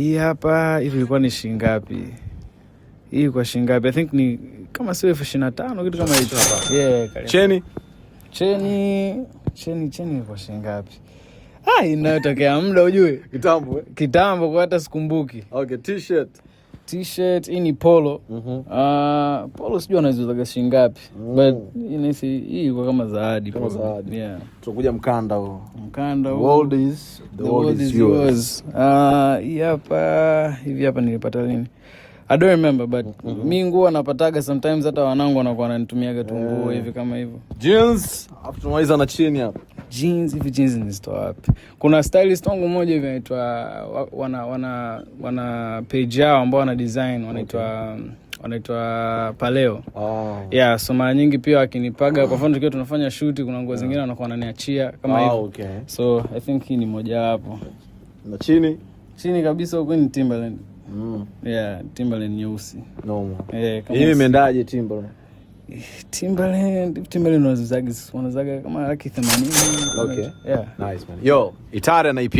Hii hapa hivi ilikuwa ni shingapi? Hii kwa shingapi? I think ni kama sio elfu ishirini na tano kitu kama hicho hapa. Yeah, cheni cheni cheni cheni kwa shingapi? Ah, inayotokea muda ujue kitambo eh. kitambo, kwa hata sikumbuki. Okay, t-shirt t-shirt hii ni polo mm -hmm. uh, polo sijui anaziuzaga shilingi ngapi mm. but inaisi hii iko kama zaadi tunakuja mkanda huo mkanda hii hapa hivi hapa nilipata lini I don't remember but mm -hmm. mi nguo anapataga sometimes hata wanangu wanakuwa wananitumiaga tu nguo yeah. hivi kama hivyo jeans afu tumaliza na chini hapa jeans hivi jeans nizitoa wapi? Kuna stylist wangu mmoja hivi anaitwa wana, wana, wana page yao ambao wana design wanaitwa okay wanaitwa Paleo. Oh. Yeah, so mara nyingi pia wakinipaga, oh. Kwa ah. mfano tukiwa tunafanya shoot, kuna nguo zingine wanakuwa yeah, wananiachia kama ah, hivi. Oh, okay. So I think hii ni moja wapo. Na chini chini kabisa huko ni Timberland. Mm. Yeah, Timberland nyeusi. Normal. Eh, yeah, kama imeendaje Timberland? Timberland, Timberland wanazaga kama laki themanini Okay. Yeah. Nice man. Yo, Itara na e